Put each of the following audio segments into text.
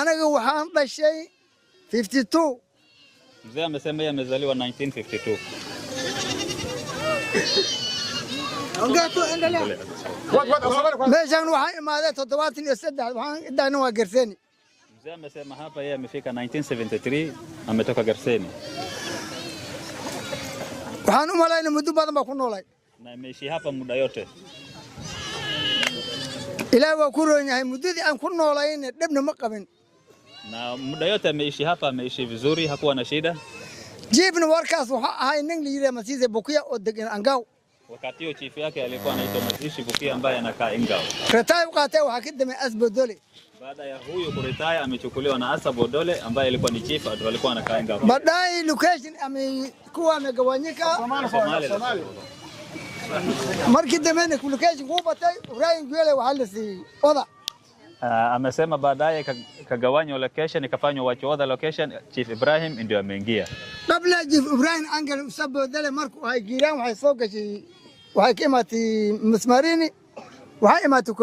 aniga waxaan dhashay mzee amesema yeye amezaliwa 1952. Meeshan waxaan imaaday toddobaatan iyo saddex waxaan dhahna waa Gerseni. Mzee amesema hapa yeye amefika 1973 ametoka Gerseni. Waxaan u malayna muddo badan baa ku noolay. Na ameishi hapa muda yote. Ilaahi waa ku roon yahay muddadii aan ku noolayna dhibna ma qabin na muda yote ameishi hapa, ameishi vizuri, hakuwa na shida. Jiibna warkaas waxa ahay nin la masize Masiise Bukia oo degan Angaw. Wakati huo chifu yake alikuwa anaitwa mazishi Bukia ambaye anakaa Ingaw. Retire wakati waxa kidame Asbodole. Baada ya huyu kuretire amechukuliwa na Asa Bodole ambaye alikuwa ni chifu ndio alikuwa anakaa Ingaw. Baadaye location amekuwa amegawanyika Somalia. Markii dambe location kubatay Ryan Gwele waxa la oda Uh, amesema baadaye kagawanywa location nikafanywa watch other location. Chief Ibrahim ndio ameingia. kabla Chief Ibrahim angel angal usabodale marku waxay giiraan waxay soo gashay waxay ka msmarini hay waxay imaatay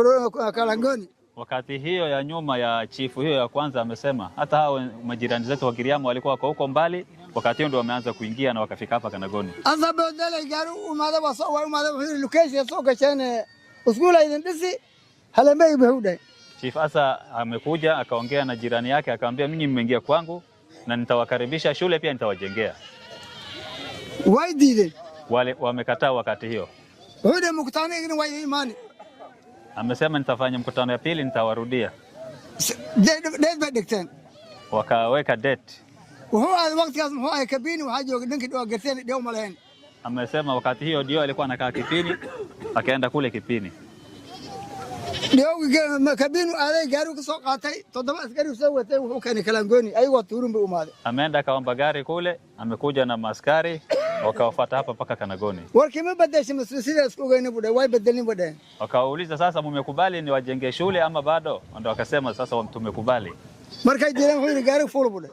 Kalangoni. Wakati hiyo ya nyuma ya chifu hiyo ya kwanza amesema hata hao majirani zetu wa Giriamu walikuwa wako huko mbali, wakati hiyo ndio wameanza kuingia na wakafika hapa Kanagoni. Kalangoni. Asabodale garu umada wasa wa umada location soga chene uskuula idin dhisi halamay bahudhay Chief Asa amekuja akaongea na jirani yake akamwambia, mimi mmeingia kwangu na nitawakaribisha shule pia nitawajengea. Why did wale wamekataa wakati hiyo. Wale mkutano ingine wa imani. Amesema nitafanya mkutano ya pili nitawarudia. Wakaweka date. Amesema wakati hiyo ndio alikuwa anakaa Kipini akaenda kule Kipini dhiyowgii makabiinu aaday gaarigu ka soo qaatay toddoba askari soo watay wuxuu keenay kalangoni ayagoo tuurun bay umaaday ameenda akaomba gari kule amekuja na maaskari wakawafata hapa mpaka Kanagoni. Wakima badesha masisira siku gani bude? Wai badalini bude? Wakauliza sasa mumekubali ni wajenge shule ama bado? Ndio wakasema sasa tumekubali. Marka ijira huyu gari full bude.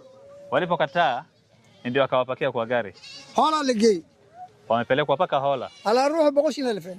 Walipokataa ndio akawapakia kwa gari. Hola ligei. Wamepelekwa paka Hola. Ala ruhu bogoshi na elfen.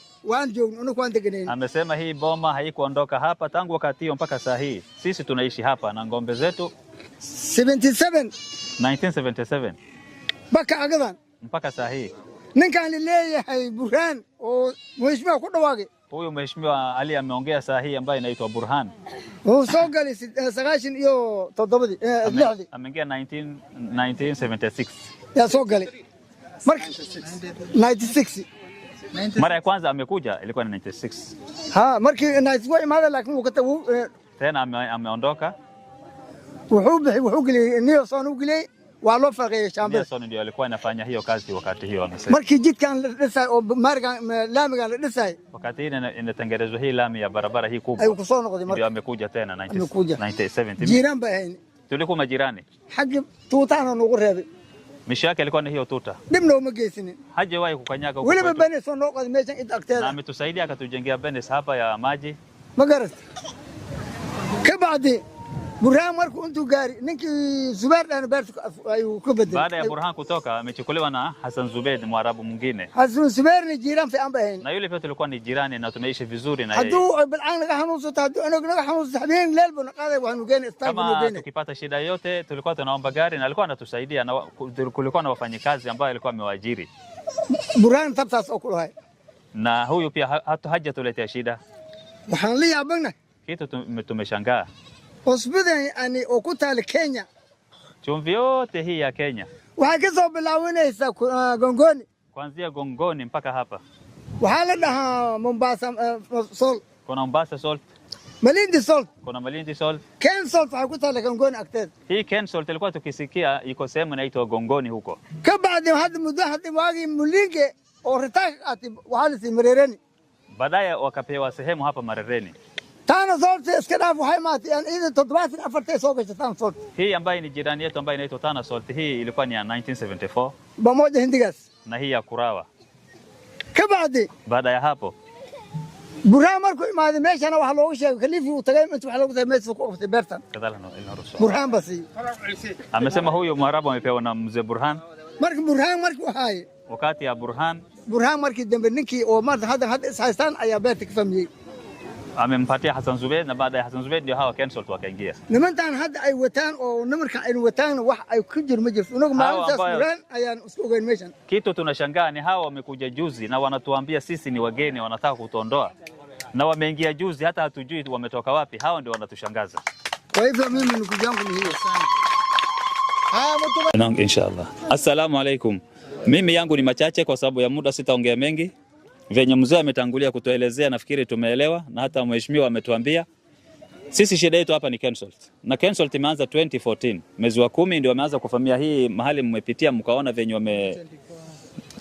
Amesema hii boma haikuondoka hapa tangu wakati hiyo mpaka saa hii, sisi tunaishi hapa na ng'ombe zetu 77 1977 mpaka mpaka saa hii ninkaan leeyahay Burhan oo mheshimiwa ku dhawaaqay huyu mheshimiwa Ali ameongea saa hii ambaye inaitwa Burhan oo soo galay eh, sagaashan iyo toddobadii eh, lixdii ameingia 1976 yaa soo galay marka 96 mara ya kwanza amekuja ilikuwa ni 96. Ha, marki na naiswa imaada lakini wakati huu eh, tena ameondoka. Wuxuu wuhu geliyay niyo soo u geliyay waa loo faqeeyay shamba. Niyo soo ndio alikuwa anafanya hiyo kazi wakati hiyo amesema. Marki jidkan la dhisay oo marga laamiga la dhisay. Wakati ile inatengenezwa hii lami ya barabara hii kubwa. Ayu kusoo noqday marki. Ndio amekuja tena 97. Jirani baa. Tulikuwa majirani. Xagga tutana nagu reebay. Mishi yake alikuwa ni hiyo tuta. Dimna umegesini. Hajawahi kukanyaga huko. Wale bende sono kwa mecha itaktela. Na ametusaidia akatujengea bende hapa ya maji. Magaras. Kabadi Burhan marku intuu gari ninkii Zubair dhan Bertu ayuu ku Baada ya Burhan kutoka amechukuliwa na Hassan Zubair Mwarabu mwingine. Hassan Zubair ni jirani fiican bay Na yule pia tulikuwa ni jirani na tumeishi vizuri na yeye. Hadduu bilcaan naga hanuunsato hadduu anag naga hanuunsato habeen leel buu naqaaday waanu geeni istaan buu geeni. Kama tukipata shida yote tulikuwa tunaomba gari na alikuwa anatusaidia na kulikuwa na wafanyikazi ambao alikuwa amewaajiri. Burhan tabtaas oo kulahay. Na huyu pia hata hajatuletea shida. Waxaan la yaabanahay. Kitu tumeshangaa. Hospitali ani ukutali Kenya. Chumvi yote hii ya Kenya. Wakizo bilawinaysa uh, Gongoni. Kuanzia Gongoni mpaka hapa. Wahala na uh, Mombasa uh, sol Kuna Mombasa sol Malindi sol Kuna Malindi sol Ken salt hakutala Gongoni akted. Hii Ken salt ilikuwa tukisikia iko sehemu inaitwa Gongoni huko. Kabadi hadi muda hadi wagi mulinge orita ati wahala si Merereni. Baadaye wakapewa sehemu hapa Merereni tano zote iskadafu haimati yani hizi todobati afartay soo gashay tano solt hii ambaye ni jirani yetu ambaye inaitwa tana solt hii ilikuwa ni ya 1974 pamoja hindigas na hii ya kurawa kabacdi baada ya hapo buraa markuu imaade meeshana waxa loogu sheegay khaliifii uu tagay inta waxa loogu tagay meesha ku qabtay beertan burhaan baa amesema huyo mwarabu amepewa na mzee burhan marka burhaan markuu ahaaye wakati ya burhan burhaan markii dambe ninkii oo maanta hadda hadda is ayaa beerta ka famiyey amempatia Hassan Zubed na baada ya Hassan Zubed ndio hawa cancelled wakaingia. Nimantan hadda ay wataan oo nimarka ay wataan wax ay ku jir ma jirto. Unagu maalintaas muran ayaan isku ogeyn meeshan. Kitu tunashangaa ni hawa wamekuja juzi na wanatuambia sisi ni wageni, wanataka kutuondoa na wameingia juzi, hata hatujui wametoka wapi. Hawa ndio wanatushangaza. Kwa hivyo mimi ndugu yangu ni hiyo sana. Inshallah. Assalamu alaikum. Mimi yangu ni machache kwa sababu ya muda sitaongea mengi venye mzee ametangulia kutuelezea, nafikiri tumeelewa, na hata mheshimiwa ametuambia sisi shida yetu hapa ni Kensalt. Na Kensalt imeanza 2014. Mwezi wa kumi ndio wameanza kufamia hii mahali mmepitia mkaona venye wame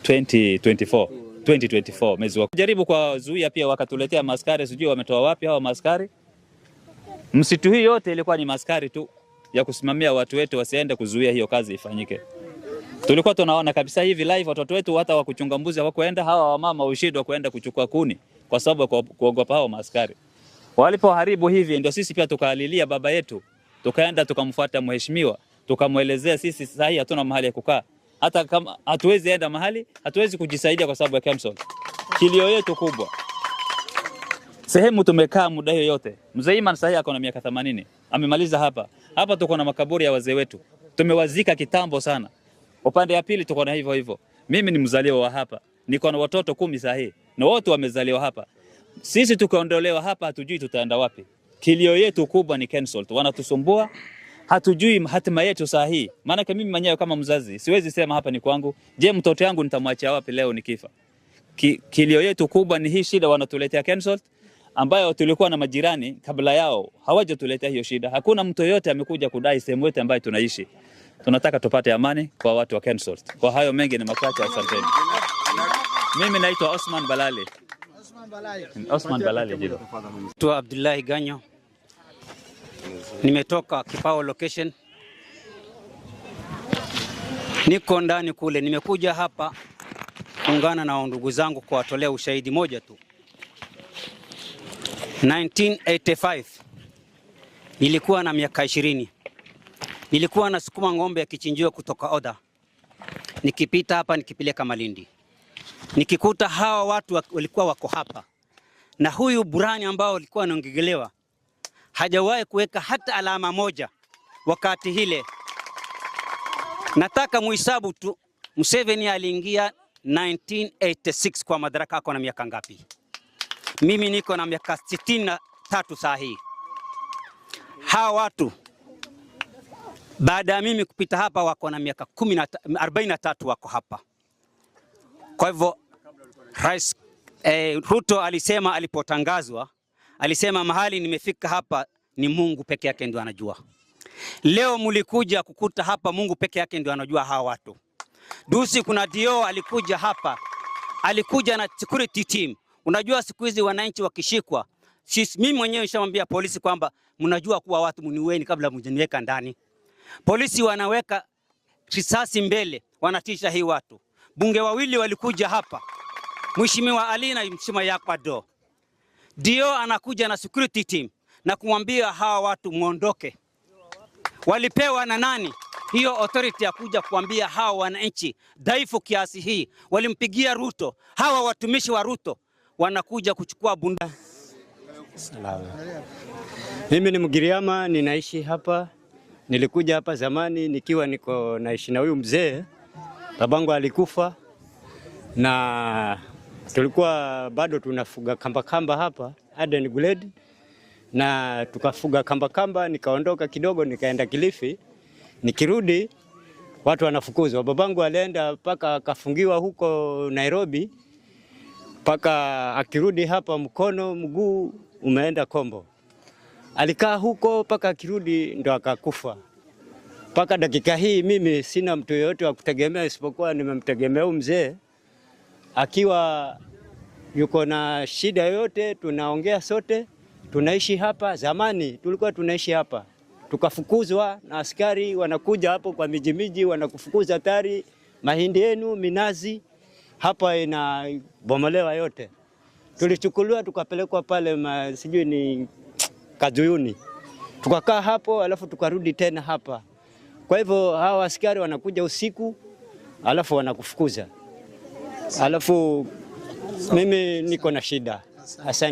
2024. 2024 mwezi wa jaribu kwa zuia pia wakatuletea maskari sijui wametoa wapi hao maskari. Msitu hii yote ilikuwa ni maskari tu ya kusimamia watu wetu wasiende kuzuia hiyo kazi ifanyike. Tulikuwa tunaona kabisa hivi live watoto wetu hata wa kuchunga mbuzi hawakuenda, hawa wamama ushindwa kuenda kuchukua kuni kwa sababu kuogopa hao maskari Walipoharibu hivi ndio sisi pia tukalilia baba yetu, tukaenda tukamfuata mheshimiwa, tukamwelezea sisi sahi hatuna mahali ya kukaa. Hata kama hatuwezi enda mahali, hatuwezi kujisaidia kwa sababu ya Kemson. Kilio yetu kubwa. Sehemu tumekaa muda hiyo yote. Mzee Iman sahi ako na miaka 80. Amemaliza hapa. Hapa tuko na makaburi ya wazee wetu. Tumewazika kitambo sana. Upande ya pili tuko na hivyo hivyo. Mimi ni mzaliwa wa hapa, niko na watoto kumi sahihi na wote wamezaliwa hapa. Sisi tukaondolewa hapa, hatujui tutaenda wapi. Kilio yetu kubwa ni cancel, wanatusumbua hatujui hatima yetu saa hii. Maana mimi mwenyewe kama mzazi siwezi sema hapa ni kwangu. Je, mtoto yangu nitamwachia wapi leo nikifa? Ki, kilio yetu kubwa ni hii shida wanatuletea cancel, ambayo tulikuwa na majirani kabla yao hawajatuletea hiyo shida. Hakuna mtu yote amekuja kudai sehemu yote ambayo tunaishi. Tunataka tupate amani kwa watu wa Kensalt. Kwa hayo mengi ni machache, asanteni. Mimi naitwa Osman Balali. Osman Balali jibu. Tu Abdullahi Ganyo. Nimetoka Kipao location. Niko ndani kule, nimekuja hapa kuungana na ndugu zangu kuwatolea ushahidi moja tu. 1985 nilikuwa na miaka ishirini. Nilikuwa nasukuma ng'ombe ya kichinjio kutoka Oda, nikipita hapa nikipeleka Malindi, nikikuta hawa watu walikuwa wako hapa, na huyu burani ambao alikuwa wanaongegelewa hajawahi kuweka hata alama moja wakati hile. Nataka muhisabu tu, Museveni aliingia 1986 kwa madaraka, ako na miaka ngapi? Mimi niko na miaka 63 tatu saa hii. Hawa watu baada ya mimi kupita hapa wako na miaka 43 wako hapa. Kwa hivyo Rais eh, Ruto alisema alipotangazwa, alisema mahali nimefika hapa ni Mungu peke yake ndio anajua. Leo mlikuja kukuta hapa Mungu peke yake ndio anajua hawa watu. Dusi kuna dio alikuja hapa. Alikuja na security team. Unajua siku hizi wananchi wakishikwa, sisi mimi mwenyewe nishamwambia polisi kwamba mnajua kuwa watu mniweni kabla mjaniweka ndani. Polisi wanaweka risasi mbele, wanatisha hii watu. Bunge wawili walikuja hapa, Mheshimiwa Ali na Mheshimiwa Yakwado, Dio anakuja na security team na kumwambia hawa watu muondoke. Walipewa na nani hiyo authority ya kuja kuambia hawa wananchi dhaifu kiasi hii? Walimpigia Ruto, hawa watumishi wa Ruto wanakuja kuchukua bunda. Salama. Mimi ni Mgiriama, ninaishi hapa Nilikuja hapa zamani nikiwa niko naishi na huyu mzee, babangu alikufa na tulikuwa bado tunafuga kamba kamba hapa Aden Glade, na tukafuga kamba kamba, nikaondoka kidogo nikaenda Kilifi, nikirudi watu wanafukuzwa. Babangu alienda mpaka akafungiwa huko Nairobi, mpaka akirudi hapa mkono mguu umeenda kombo. Alikaa huko mpaka akirudi ndo akakufa. Mpaka dakika hii mimi sina mtu yoyote wa kutegemea isipokuwa nimemtegemea huyu mzee. Akiwa yuko na shida yoyote, tunaongea sote, tunaishi hapa. Zamani tulikuwa tunaishi hapa, tukafukuzwa na askari, wanakuja hapo kwa mijimiji, wanakufukuza tari, mahindi yenu, minazi hapa inabomolewa yote. Tulichukuliwa tukapelekwa pale ma, sijui ni Kazuyuni, tukakaa hapo, alafu tukarudi tena hapa. Kwa hivyo hawa askari wanakuja usiku, alafu wanakufukuza, alafu mimi niko na shida. Asante.